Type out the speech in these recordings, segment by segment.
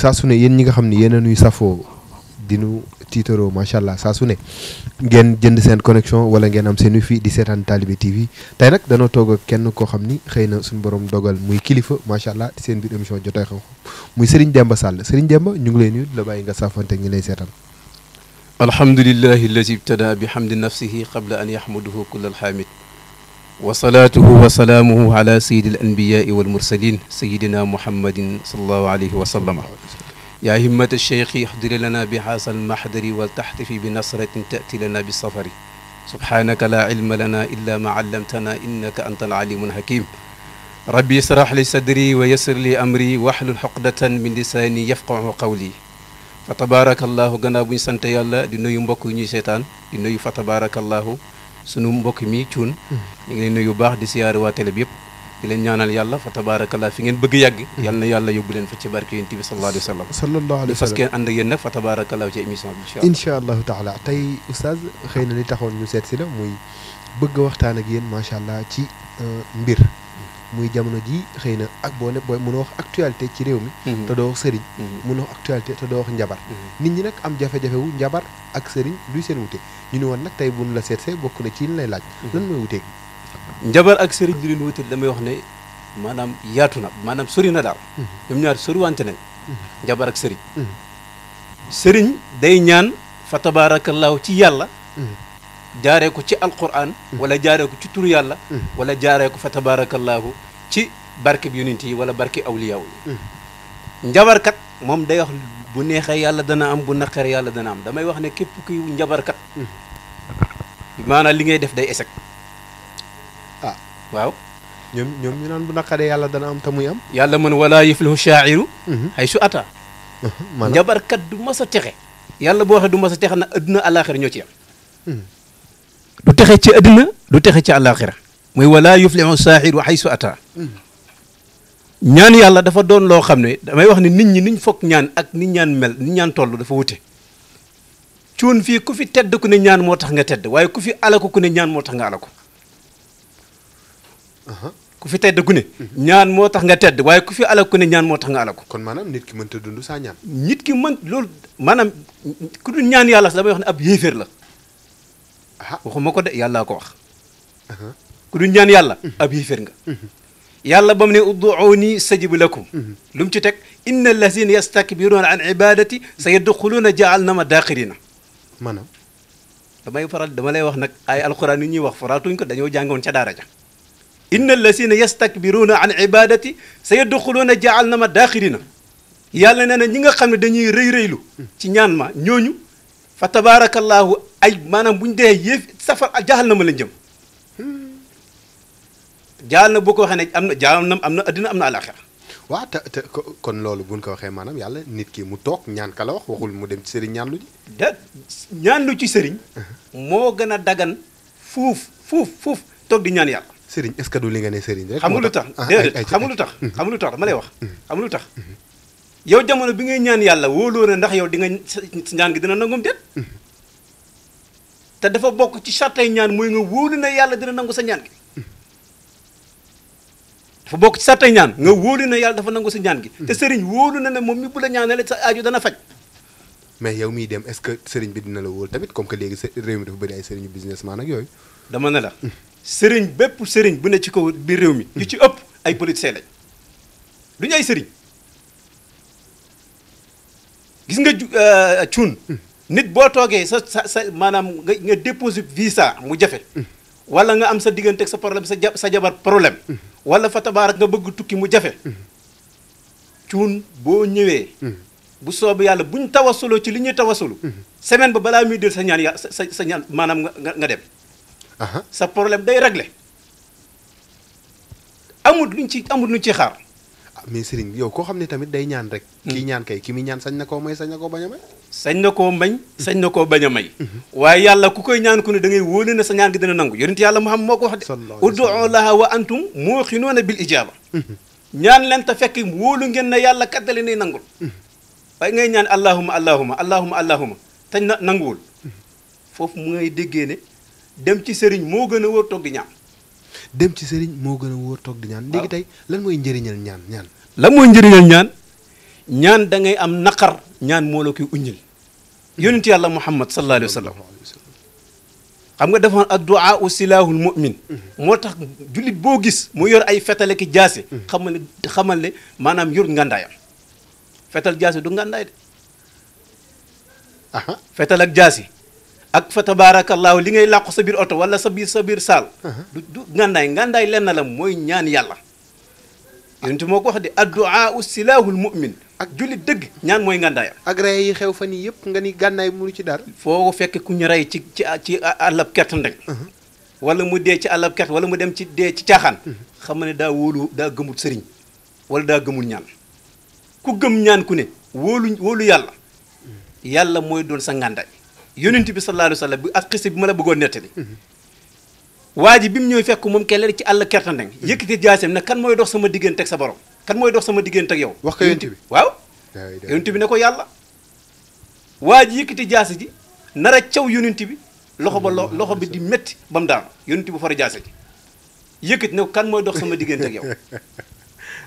saa su ne yéen ñi nga xam yéen a nuy dinu tiitaroo macha allah saa su ne ngeen jënd seen connexion wala ngeen am seen wifi di seetaan Talibé TV tey nag danoo toog ak kenn koo xam ni suñu borom dogal muy kilifa macha allah di seen biir émission jotay xam muy Serigne Demba Sall Serigne Demba ñu ngi lay nuyu la bàyyi nga safante ngi lay seetaan alhamdulillahi alladi ibtada bi nafsihi qabla an yahmaduhu kull hamid وصلاته وسلامه على سيد الأنبياء والمرسلين سيدنا محمد صلى الله عليه وسلم يا همة الشيخ احضر لنا بحاصل المحضر والتحتفي بنصرة تأتي لنا بالسفر سبحانك لا علم لنا إلا ما علمتنا إنك أنت العليم الحكيم ربي اشرح لي صدري ويسر لي أمري واحلل حقدة من لساني يفقع قولي فتبارك الله gannaaw سنت ñu sant yàlla شيطان nuyu فتبارك الله ñuy seetaan di ñu ngi leen nuyu bu baax di siyaare waa télé bi yëpp di leen ñaanal yàlla fa laa fi ngeen bëgg yàgg yàlla na yàlla yóbbu leen fa ci barke yonent bi sallallahu alayhi wa sallam sallallahu alayhi wa sallam ngeen ànd ak yéen xëy na li taxoon ñu seet si la muy bëgg waxtaan ak yéen macha allah ci euh, mbir muy jamono ji xëy na ak boo ne booy mën a wax actualité ci réew mi mm-hmm. te doo wax sëriñ mën mm-hmm. a wax actualité te doo wax njabar mm-hmm. nit ñi nag am jafe-jafe wu njabar ak sëriñ duy seen wute ñu ni woon nag tey bu ñu la seetsee bokk na ci lay laaj lan mooy wuteeg njabar ak sëriñ bi leen wuute damay wax ne maanaam yaatu na maanaam sori na daal mhm. ñoom ñaar sori wante nañ mhm. njabar ak sëriñ mhm. sëriñ day ñaan fa tabaarakallaahu ci yàlla jaaree ko ci alquran wala jaaree ko ci turu yàlla wala jaaree ko fa tabaarakallaahu ci barke bi yonent yi wala barke awliyaaw yi njabarkat moom day wax bu neexee yàlla dana am bu naqaree yàlla dana am damay wax ne képp kuy njabarkat maanaam li ngay def day échec ah waaw ñoom ñoom ñu naan bu naqaree yàlla dana am te muy am yàlla mën walaa yëflihu shaa'iru hay su ata njabarkat du mas a texe yàlla boo waxee du mas a texe na adduna àllaaxira ñoo ci yam du texe ci adduna du texe ci àllaaxira mooy walaa yuflihu shaa'iru hay su ata ñaan yàlla dafa doon loo xam ne damay wax ne nit ñi niñ foog ñaan ak ni ñaan mel ni ñaan toll dafa wute cuun fii ku fi tedd ku ne ñaan moo tax nga tedd waaye ku fi alaku ku ne ñaan moo tax nga alaku ku fi tedd ku ne ñaan moo tax nga tedd waaye ku fi alal ku ne ñaan moo tax nga alal ko kon maanaam nit ki mënta dund saa ñaan nit ki mën loolu maanaam ku dul ñaan yàlla damay wax ne ab yéeféer la ah waxuma ko de yàllaa ko wax ku dul ñaan yàlla ab yéeféer nga yàlla ba mu ne udduuni sajib lakum lu mu ci teg inna allazina yastakbiruuna an ibadati sa yadxuluuna jaal na ma daaxirina maanaam damay faral dama lay wax nag ay alxuraan yi ñuy wax faraatuñ ko dañoo jàngoon ca daara ja inna allasina yastakbiruuna an ibadati sa na jaal na ma daaxirina yàlla nee na ñi nga xam ne dañuy rëy rëylu ci ñaan ma ñooñu fa tabaarakallaahu ay maanaam bu ñu dee yéef safar jaal na ma lañ jëm jaal na boo ko waxee ne am na jaal na am na addina am na alaxira waaw te te kon loolu buñ ko waxee maanaam yàlla nit ki mu toog ñaan ka wax waxul mu dem ci sëriñ ñaan lu ji da ñaan lu ci sëriñ moo gën a dagan fuuf fuuf fuuf toog di ñaan yàlla sëriñ est-ce du li nga ne sëriñ rek. nga lu tax ah, déedéet xam nga lu tax mm-hmm. xam nga lu tax dama lay wax. Mm-hmm. xam tax mm-hmm. yow jamono bi ngay ñaan yàlla wóoloo ndax yow di nga ñaan gi dina nangum déet. dafa bokk ci sartay ñaan mooy nga wóolu na yàlla dina nangu sa ñaan gi. dafa bokk ci sartay ñaan nga wóolu na yàlla dafa nangu sa ñaan gi. te sëriñ wóolu na ne moom mi bu la ñaanalee sa aaju dana faj. mais yow mii dem est-ce que sëriñ bi dina la wóol tamit comme que léegi réew mi dafa bëri ay sëriñu businessman ak yooyu. dama ne la. sëriñ bépp sëriñ bu ne ci kaw bi réew mi. yu ci ëpp ay politiciens lañ duñu ay sëriñ gis nga cuun euh, nit boo toogee sa sa sa maanaam nga nga déposé visa mu jafe. wala nga am sa diggante ak sa problème sa ja sa jabar problème. wala fa nga bëgg tukki mu jafe. cuun boo ñëwee. bu soobu yàlla buñ tawasuloo ci li ñuy tawasulu semaine ba balaa muy del sa ñaan ya sa sa ñaan maanaam nga nga dem. sa problème day réglé amul luñ ci amul luñ ci xaar. Ah, mais sëriñ yow koo xam ne tamit day ñaan rek. Hmm. kii ñaan kay ki muy ñaan sañ na koo may sañ na koo bañ a may. sañ na koo mañ hmm. sañ na koo bañ a may. Hmm. waaye yàlla ku koy ñaan ku ne da ngay wóole na sa ñaan gi dina nangu yonent yàlla mu xam moo ko wax de. ud'u laha leen te fekk wóolu ngeen yàlla kat da leen ay nangul. ngay ñaan allahuma allahuma allahuma allahuma tañ na nanguwul. foofu mu ngay déggee ne. dem ci sëriñ moo gën a wóor toog di ñaan dem ci sëriñ moo gën a wóor toog di ñaan léegi tey lan mooy njëriñal ñaan ñaan lan mooy njëriñal ñaan ñaan da ngay am nakar ñaan moo la koy uññil yonent yàlla muhammad sallallahu Alaihi Wasallam. sallam xam nga dafa ad du'a silahul mu'min mm-hmm. moo tax julit boo gis mu yor ay fetale ki jaase mm-hmm. xamal ne xamal ne maanaam yor ngàndaayam fetal jaase du ngàndaay de fetal ak ak fa tabarakallah li ngay laq sa bir auto wala sa bir sa bir sal uh-huh. du nganday ngàndaay ngàndaay la moy ñaan yalla yentu moko wax di addu'a usilahul mu'min ak julit deug ñaan moy nganday ak ray yi xew fa ni yep nga ni gànnaay mënu ci dar foo fekk ku ñu ray ci ci ci àllab kert ndek uh-huh. wala mu de ci alab kert wala mu dem ci de ci tiaxan uh-huh. xam ne da wolu da gëmul serign wala da gemul ñaan ku gem ñaan ku ne wolu wolu yalla mm. yalla moy doon sa nganday yonent bi sallallahu alayhi wa bi ak xiste bi ma la bëggoon nettali waa ji bi mu ñëw fekk moom kelle ci àll kertandeng yëkkati jaaseem na kan mooy dox sama diggante ak sa kan mooy dox sama diggante ak yow wax ko yonent bi waaw ko yàlla waa ji jaase ji nar a caw bi loxo ba lo loxo bi di métti ba mu daanu yonent bu far jaase ji yëkkati kan mooy dox sama diggante ak yow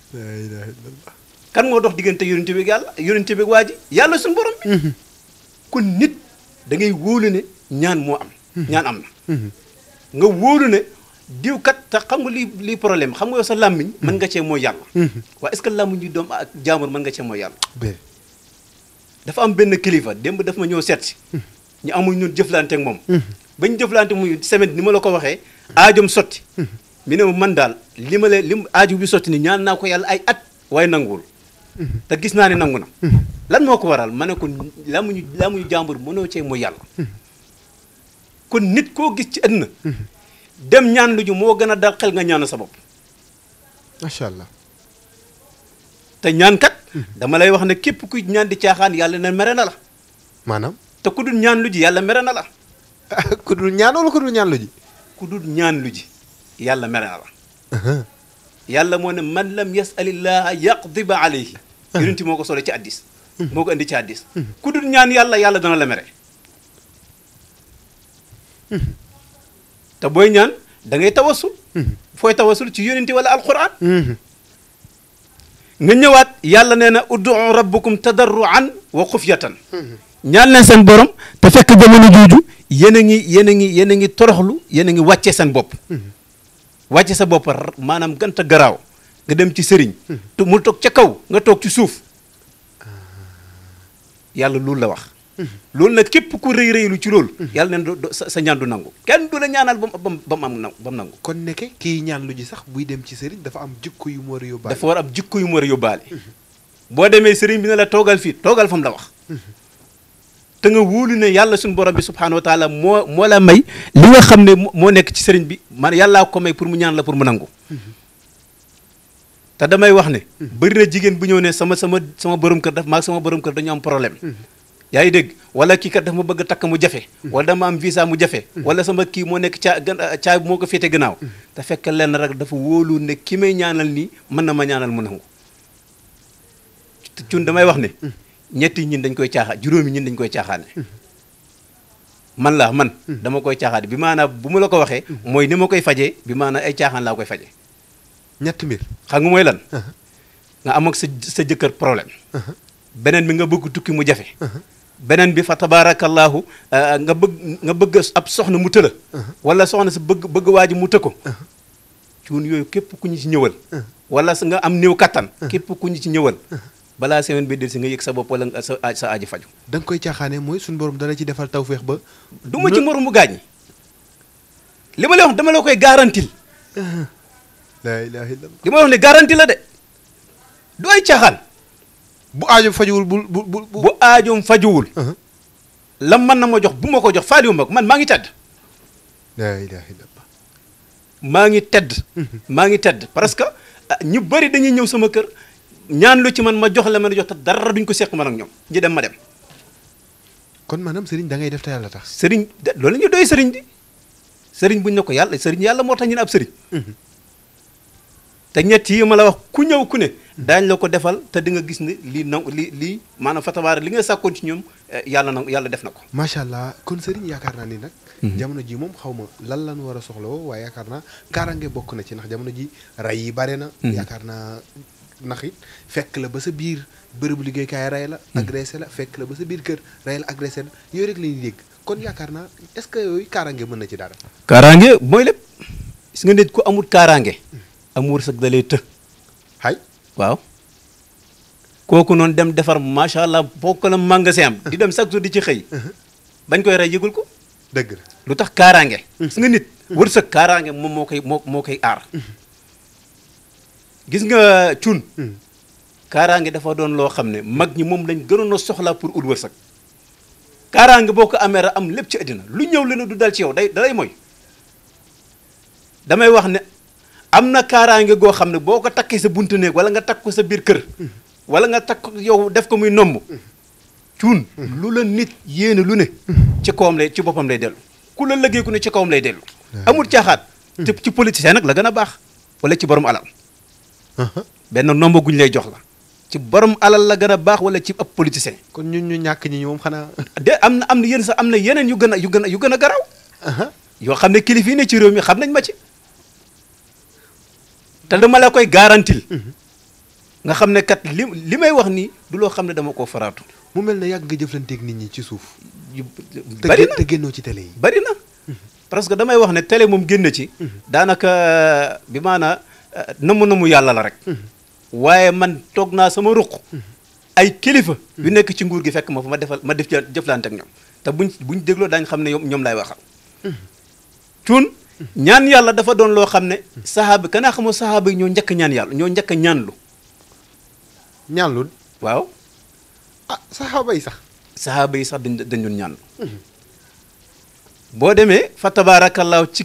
kan moo dox diggante yonent bi ak yàlla yonent bi waa ji yàlla suñu borom bi mhm. kon nit da ngay wóolu ne ñaan moo am. Hmm. ñaan am na. Hmm. nga wóolu ne diw kat tax xam nga lii lii problème xam nga yow sa làmmiñ. mën hmm. nga cee mooy yàlla. waaye est-ce que làmmiñ doom ak jaamur mën nga mooy yàlla. dafa am benn kilifa démb daf ma ñëw seet si. ñu amul ñun jëflante ak moom. bañ jëflante muy semaine ni ma la ko waxee. aajom sotti. mi ne ma man daal li ma leen li aaju bi sotti ni ñaan naa ko yàlla ay at. waaye nanguwul. te gis naa ne nangu na. lan moo ko waral ma ne ko làmmiñu làmmiñu jàmbur mënoo cee mooy yàlla kon nit koo gis ci àddina dem ñaan luju moo gën a dal xel nga ñaanal sa bopp macha allah te ñaan kat dama lay wax ne képp kuy ñaan di caaxaan yàlla ne mere na la maanaam te ku dul ñaan lu ji yàlla mere na la ku dul ñaan wala ku ku ñaan lu ji yàlla mere moo ne man lam yasalillaha yaqdiba alayhi yonent moo ko solo ci addis moo ko indi ci hadiis ku dul ñaan yàlla yàlla dana la mere booy ñaan dangay ngay tawasul fooy tawasul ci yónenti wala alquran nga ñëwaat yàlla nee na uddu rabbukum tadarruan wa xufyatan ñaan leen seen borom te fekk jamono jooju yéen a ngi yéen a ngi yéen a ngi toroxlu yéen a ngi wàccee seen bopp wàcce sa bopp maanaam ganta garaaw nga dem ci sëriñ mu toog ca kaw nga toog ci suuf yàlla loolu la wax loolu nag képp ku rëy rëylu ci loolu mhm. yàlla neen sa ñaan du nangu kenn du la ñaanal ba mu ba mu am nangu kon nekke kii ñaan lu ji sax buy dem ci sëriñ dafa am jikko yu mu war a yóbbaale dafa war am jikko yu mu war a yóbbaale mhm. boo demee sëriñ bi ne la toogal fii toogal fa mu la wax mhm. te nga wóolu ne yàlla suñu borom bi subhaanahu wa moo moo la may li nga xam ne moo nekk ci sëriñ bi man yàllaa ko may pour mu ñaan la pour mu nangu te damay wax ne. bëri na jigéen bu ñëw ne sama sama sama borom kër daf maag sama borom kër dañu am problème. Hmm. yaa ngi dégg wala kii kat dafa ma bëgg a takk mu jafe. Hmm. wala dama am visa mu jafe. Hmm. wala sama kii moo nekk caa caa moo ko féete gannaaw. te fekk lenn rek dafa wóolu ne ki may ñaanal nii mën na ma ñaanal mu nangu. cun damay wax ne. ñin dañ koy caaxaan juróomi ñin dañ koy caaxaane. man laa man. dama koy caaxaane bi maanaam bu ma la ko waxee. mooy ni ma koy fajee bi maanaa ay caaxaan laa koy faje ñett mbir xam nga mooy lan. nga am ak sa jëkkër problème. beneen bi nga bëgg tukki mu jafe. beneen bi fa tabaarakallaahu euh, nga bëgg nga bëgg ab soxna mu tëla. wala soxna sa bëgg bëgg waa ji mu të ko. cuun yooyu képp ku ñu ci ñëwal. wala sa nga am néew kattan. képp ku ñu ci ñëwal. balaa semaine bi del si nga yëg sa bopp wala sa sa aji faju da nga koy caaxaane mooy suñu borom dana ci defal tawféex ba. du ma ci moromu gaañ. li ma lay wax dama la koy garantil. la ilaha illallah dima wax ni garantie la de du ay caaxaan bu aajum fajuwul bu uh-huh. bu bu bu aajum la man na ma jox bu ma ko jox faaliwu ma man maa ngi tedd la ilaha illallah maa ngi tedd uh-huh. maa ngi tedd parce que ah, ñu bari dañuy ñëw sama kër ñaan lu ci man ma jox la jox te dara duñ ko seq man ak ñoom ñi dem ma dem kon manam serigne da ngay def ta yalla tax serigne lolou ñu doy serigne di serigne buñ nako yalla serigne yalla motax ñu ab serigne uh-huh té ñett yi ma la wax ku ñew ku ne dañ la ko defal té di nga gis ni li na li manam fatawar li nga sakko ci ñoom eh, yalla na yalla def na ma sha allah kon sëriñ yaakaar naa ni nak mhm. jamono ji mom xawma ma lan lan wara soxlo wa waaye yaakaar naa kaarange na ci nak jamono ji ray yi bare na mhm. yaakaar naa ndax it fekk la ba sa biir bërëbu kay ray la mhm. agressé la fekk la ba sa biir kër ray la agressé la rek dégg kon yakarna naa est ce que yoy karange mëna ci dara karange moy lepp gis nga nit ku amul karange am wërsëg da lay të hay waaw kooku noonu dem defar macha allah bokk na magasin am di dem chaque jour di ci xëy bañ koy rey yëgul ko dëgg lu tax kaaraange mm-hmm. gis nga nit wërsëg kaaraange moom moo koy moo koy aar nga uh, cun mm-hmm. kaaraange dafa doon loo xam ne mag ñi moom lañ gënoon a soxla pour ut wërsëg kaaraange boo ko amee ra am lépp ci àddina lu ñëw leen du dal ci yow day dalay mooy damay wax ne am na kaaraange goo xam ne boo ko takkee sa buntu néeg wala nga takk ko sa biir kër wala nga takk yow def ko muy nomb cuun lu la nit yéene lu ne ci kawam lay ci boppam lay dellu ku la liggéey ku ne ci kawam lay dellu amul caaxaat te ci politicien nag la gën a baax wala ci borom alal uh-huh. benn nomba guñ lay jox la ci borom alal la gën a baax wala ci ab politicien kon ñu ñu ñàkk ñi moom xanaa de am na am na yéen sax am na yeneen yu gën a yu gën a yu gën a garaaw uh-huh. yoo xam ne kilifa yi ci réew mi xam nañ ma ci te dama la koy garantil nga xam ne kat li li may wax nii du loo xam ne dama ko faraatu. mu mel ne yàgg nga jëflanteeg nit ñi ci suuf. bari na te génnoo ci télé yi. bari na parce que damay wax ne télé moom génn ci. Mm-hmm. daanaka bi maana euh, namu namu yàlla la rek. Mm-hmm. waaye man toog naa sama ruq. Mm-hmm. ay kilifa. yu nekk ci nguur gi fekk ma fa ma defal ma def jëflanteek ak ñoom te buñ buñ dégloo daañ xam ne ñoom ñoom laay waxal. ñaan yàlla dafa doon loo xam ne saxaaba kanaa xamoo saxaaba yi ñoo njëkk ñaan yàlla ñoo njëkk ñaan lu waaw ah saxaaba yi sax saxaaba yi sax dañ dañ doon ñaanlu boo demee fa tabaarakallaahu ci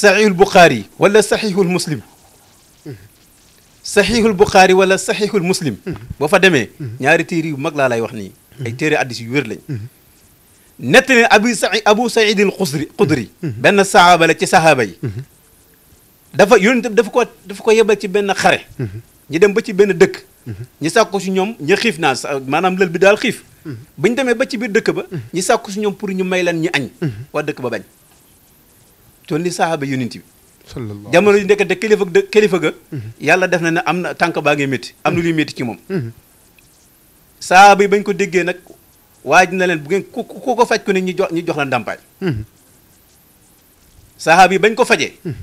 saxiihul buxaari yi wala saxiihul muslim saxiihul buxaari wala saxiihul muslim boo fa demee ñaari téere yu mag laa lay wax nii ay téere addis yu wér lañ nettali abu saïd abu saïd al xudri xudri mhm. benn sahaaba la ci sahaaba yi mhm. dafa yónni dafa ko dafa ko yebal ci benn xare mhm. ñu dem ba ci benn dëkk ñi sàkku si ñoom ña xiif naa maanaam lël bi daal xiif bu ñu demee ba ci biir dëkk ba ñi sàkku si ñoom pour ñu may lan ñu añ waa dëkk ba bañ toon li sahaaba yónent bi jamono yu nekkante kilifa kilifa ga yàlla def na ne am na tànk baa ngi métti am na luy métti ci moom sahaaba yi bañ ko déggee nag waaj na leen bu ngeen ku ku ko faj ku ne ñu jox ñu jox la yi mhm. bañ ko fajee mhm.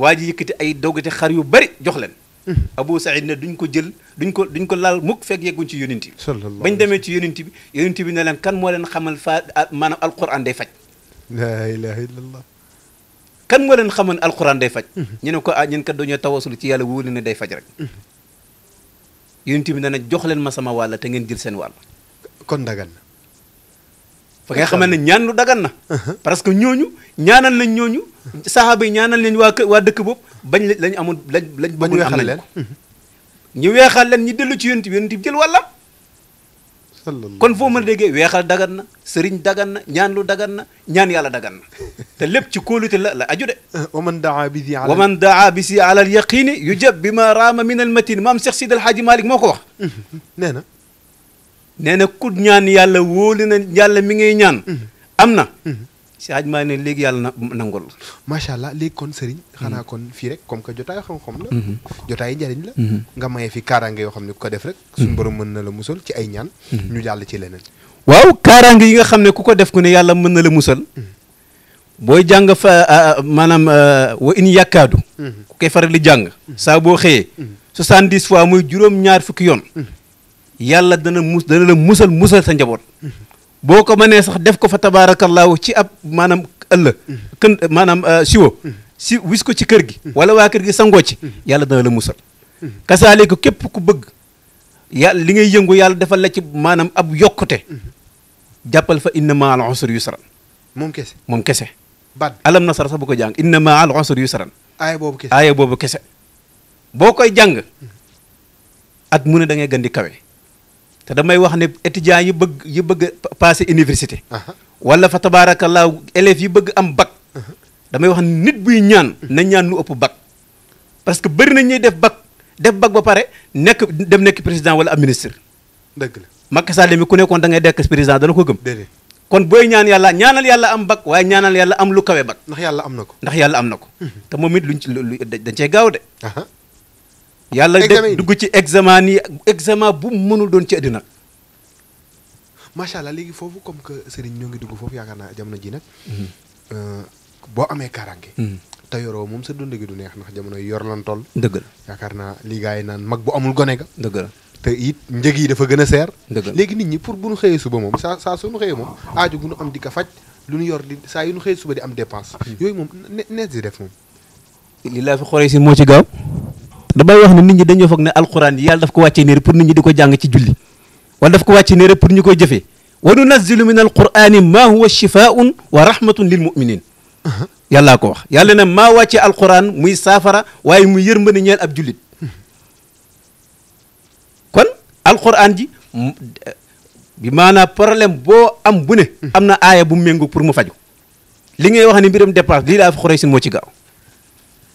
waa ji yëkkati ay doggate xar yu bari jox leen mhm. Abu Saïd ne duñ ko jël duñ ko duñ ko laal mukk fekk yegguñ ci yonent bi bañ demee ci yonent bi yonent bi ne leen kan moo leen xamal fa maanaam alquran day faj la ilaha illallah kan moo leen xamal alquran day faj ñu ne ko ah ñun kat dañoo tawasul ci yàlla wóolu ne day faj rek yonent bi na na jox leen ma sama wàll te ngeen jël seen wàll kon dagan na. ba nga xamal ne ñaan lu dagan na. Uh-huh. parce que ñooñu ñaanal nañ ñooñu. saxaaba ñaanal nañ waa waa dëkk boobu bañ lañ amoon lañ lañ. bañ weexal leen ñu weexal leen ñu dellu ci yonent bi yonent bi jël wàllam. kon foo mën a déggee weexal dagan na sëriñ dagan na ñaan lu dagan na ñaan yàlla dagan na te lépp ci kóolute la la aju de uh-huh. waman daa bi si waman daa bi si ala al yu yujab bi ma raama min al matin maam Cheikh Sidi El Hadji Malick moo ko wax uh-huh. na nee na ku ñaan yàlla wóoli na yàlla mi ngay ñaan. Mhm. am na. Mhm. si aj maa ne léegi yàlla na nangul. macha allah léegi kon sëriñ. Mhm. xanaa kon fii rek comme que jotaayu xam-xam la. jotaayu njariñ la. nga maye fi kaaraange yoo xam ne ku ko def rek. mën na la musal ci ay ñaan. ñu jàll ci leneen. waaw kaaraange yi nga xam ne ku ko def ku ne yàlla mën na la musal. booy jàng fa ah, ah, maanaam ah, wa in yàkkaadu. ku koy faral di jàng. saa boo xëyee. soixante-dix fois muy juróom-ñaar fukki yoon. yàlla dana mus dana la musal musal sa njaboot boo ko mënee sax def ko fa laaw ci ab maanaam ëll kën maanaam euh, siwo si wis ko ci kër gi wala waa kër gi sangoo ci yàlla dana la musal ko képp ku bëgg yàlla li ngay yëngu yàlla defal la ci maanaam ab yokkute jàppal fa inna ma al usri yusran moom kese moom kese baat alam nasara sax bu ko jàng inna ma al usri yusran aaya boobu kese aaya boobu kese boo koy jàng at mu ne da ngay gën di kawe te damay wax ne étudiants yi bëgg yi bëgg a passé université. wala fa tabaarakallaahu élèves yi bëgg am bac. damay wax ne nit buy ñaan. na ñaan lu ëpp bac. parce que bari na ñuy def bac def bac ba pare nekk dem nekk président wala am ministre. dëgg la Macky Sall mi ku nekkoon da ngay dekk président dana ko gëm. kon booy ñaan yàlla ñaanal yàlla am bag waaye ñaanal yàlla am lu kawe bac. ndax yàlla am na ko ndax yàlla am na ko. Mhm. te moom it luñ ci dañ cee gaaw de. yàlla de dugg ci examen yi examen bu mënul doon ci àddina macha allah léegi foofu comme que Serigne ñoo ngi dugg foofu yaakaar naa jamono ji nag. Mhm. Euh, boo amee kaaraange. Mhm. te yoroo moom sa dund du neex ndax jamono yor lan toll. dëgg yaakaar naa li yi naan mag bu amul gone ga. dëgg la te it njëg yi dafa gën a seer. dëgg la nit ñi pour bu nu xëyee suba moom saa saa su nu xëyee moom aajo bu nu am di ko faj lu nu yor di saa yu nu xëyee suba di am dépense. Mhm. yooyu moom ne nees di def moom. li laa fi xoolee si moo ci gaaw. damay wax ne nit ñi dañoo foog ne alquran yi yàlla daf ko wàccee nii rek pour nit ñi da ko jàng ci julli wala daf ko wàccee nii rek pour ñu koy jëfee wa nunazzilu min alqurani ma huwa shifaun wa rahmatun lil muminin yàllaa ko wax yàlla ne maa wàccee alquran muy saafara waaye muy yërmande ñeel ab jullit kon alquran ji bi maanaam problème boo am bu ne am na aaya bu mu méngoo pour mu faju li ngay wax ne mbiram dépense lii laa fi xuraysin moo ci gaaw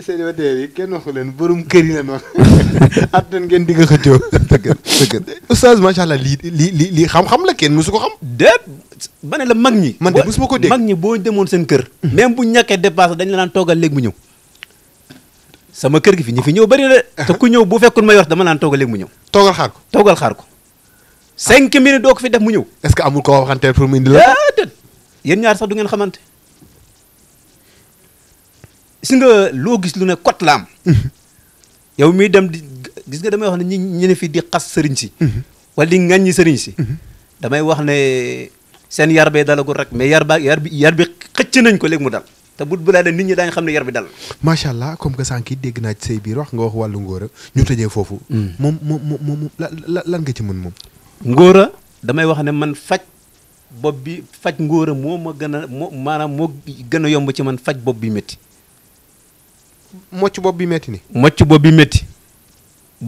célibataire yi kenn waxu leen borom kër yi la noonu at nan ngeen di nga xëccoo dëgg dëgg oustaz macha allah lii lii lii xam-xam la kenn musu ko xam déet ba ne la mag ñi man de musu ma ko dégg mag ñi boo demoon seen kër mm-hmm. même bu ñàkkee dépassé dañ la naan toogal léegi mu ñëw sama kër gi fi ñi fi ñëw bëri na ku ñëw bu fekkoon may wax dama naan toogal léegi mu ñëw toogal xaar ko toogal xaar ko cinq minutes doo ko fi def mu ñëw est-ce que amul koo waxante pour mu indi la déet yéen ñaar sax du ngeen xamante si nga loo gis lu ne kot la am. yow miy dem di gis nga damay wax ne ñi ñu ne fii di xas sëriñ si. Mhm. wala di ngañ ŋaññi sëriñ si. Mhm. damay wax ne seen yar bee dalagul rek mais yar ba yar bi yar bi xëcc nañ ko léegi mu dal. te bu bu laa nit ñi daañ xam ne yar bi dal. macha allah comme que sànq dégg naa ci say biir wax nga wax wàllu ngóor a ñu tëjee foofu. Mm. moom moom moom lan nga ci mën moom. ngóor a damay wax ne man faj bopp bi faj ngóor moo ma gën a moo maanaam moo gën a yomb ci man faj bopp bi métti. mocc bopp bi métti ni mocc bopp bi métti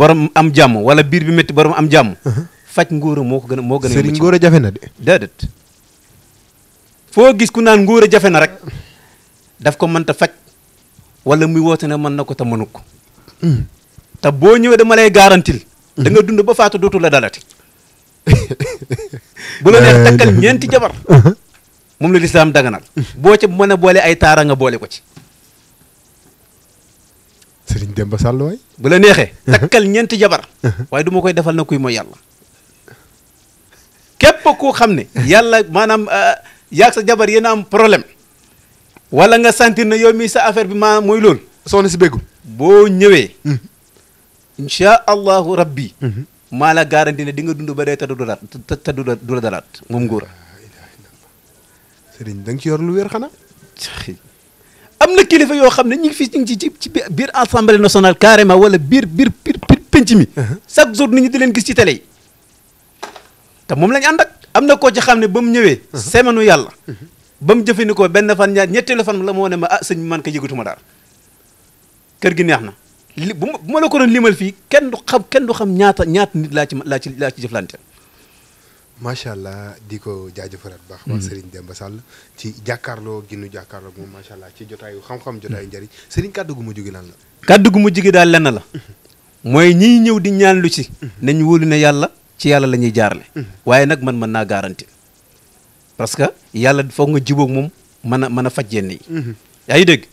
borom am jàmm wala biir bi métti borom am jàmm uh-huh. faj ngóora moo ko gën a moo gën a sëriñ ngóora jafe na de foo gis ku naan ngóora jafe na rek daf ko mënta faj wala muy woote ne mën na ko te mënu ko hmm. te boo ñëwee dama lay garantil hmm. da nga dund ba faatu dootul la dalati bu la neex takkal ñeenti jabar uh-huh. hmm. boo ca mën a boole ay taara nga boole ko ci sëriñ Demba Sall waay. bu la neexee. takkal ñeenti jabar. waaye du ma koy defal na kuy mooy yàlla. képp koo xam ne. yàlla maanaam euh, yaag sa jabar yéen am problème. wala nga sentir na yow mii sa affaire bi maa mooy lool soxna si béggul boo ñëwee. Mm-hmm. incha allahu rabbi. Mm-hmm. maa la garanti ne di nga dund ba dee te du dalaat te dalaat moom Ngora. sëriñ da nga ci yor lu wér xanaa. am na kilifa yoo xam ne ñu ngi fi ñu ngi ci ci biir assemblée nationale carrément wala biir biir biir penc mi. Uh-huh. chaque jour nit ñi di leen gis ci télé yi. te moom lañ ànd ak am na koo ci xam ne ba mu ñëwee. Uh-huh. semanu yàlla. Uh-huh. ba mu jëfandikoo benn fan ñaar ñetteelu fan la moo ne ma a ah, sëñ bi man ko yëgatuma daal. kër gi neex na li bu ma la ko doon limal fii kenn du xam kenn du xam ñaata ñaata nit laa ci laa ci laa ci jëflante. macha allah di ko jaajëfalaat bu baax. Mm-hmm. waa Serigne Demba Sall ci jàkkaarloo gi nu jàkkaarloo moom macha allah ci jotaayu xam-xam jotaayu mm-hmm. njëriñ Serigne kàddu gu mujj gi la. kàddu gu mujj daal lenn la. Mm-hmm. mooy ñiy ñëw di ñaan lu ci. nañ wóolu ne yàlla ci yàlla la ñuy jaarale. waaye nag man mën naa garanti. parce que yàlla foog nga jubóog moom mën a mën a faj yenn yi. yaa ngi dégg.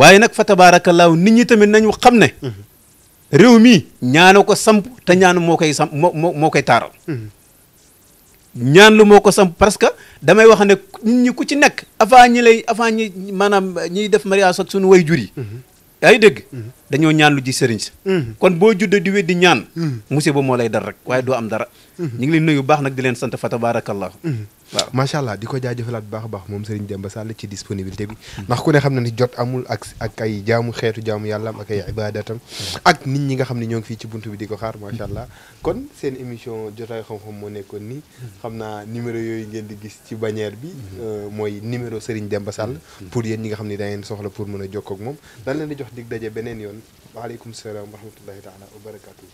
waaye nag fa tabaarakallaahu nit ñi tamit nañu xam ne. réew mi ñaanoo ko samp te ñaanu moo koy samp moo moo koy taaral. ñaan lu moo ko samp parce que damay wax ne nit ñi ku ci nekk avant ñi lay avant ñi maanaam ñiy def mariage ak suñu way jur yi mhm. yaa ngi mhm. dañoo ñaan lu ji sëriñ si mhm. kon boo judda di weddi ñaan musiba moo lay dal rek waaye doo am dara ñu ngi leen nuyu baax nag di leen sant fa tabarakallah waaw macha allah di ko jaajëfalaat bu baax a baax moom Serigne Demba Sall ci disponibilité bi. ndax ku ne xam na ni jot amul ak ak ay jaamu xeetu jaamu yàllaam ak ay ibadatam mm. ak nit ñi nga xam ne ñoo ngi fii ci bunt bi di ko xaar macha allah kon seen émission jotaayu xam-xam moo nekkoon nii. Mm. xam naa numéro yooyu ngeen di gis ci bannière bi. Mm. Euh, mooy numéro Serigne Demba Sall. pour yéen ñi nga xam ne da ngeen soxla pour mën a jokkoo ak moom. dañ leen di jox dig daje beneen yoon. waaleykum salaam wa rahmatullahi taala wa barakaatu.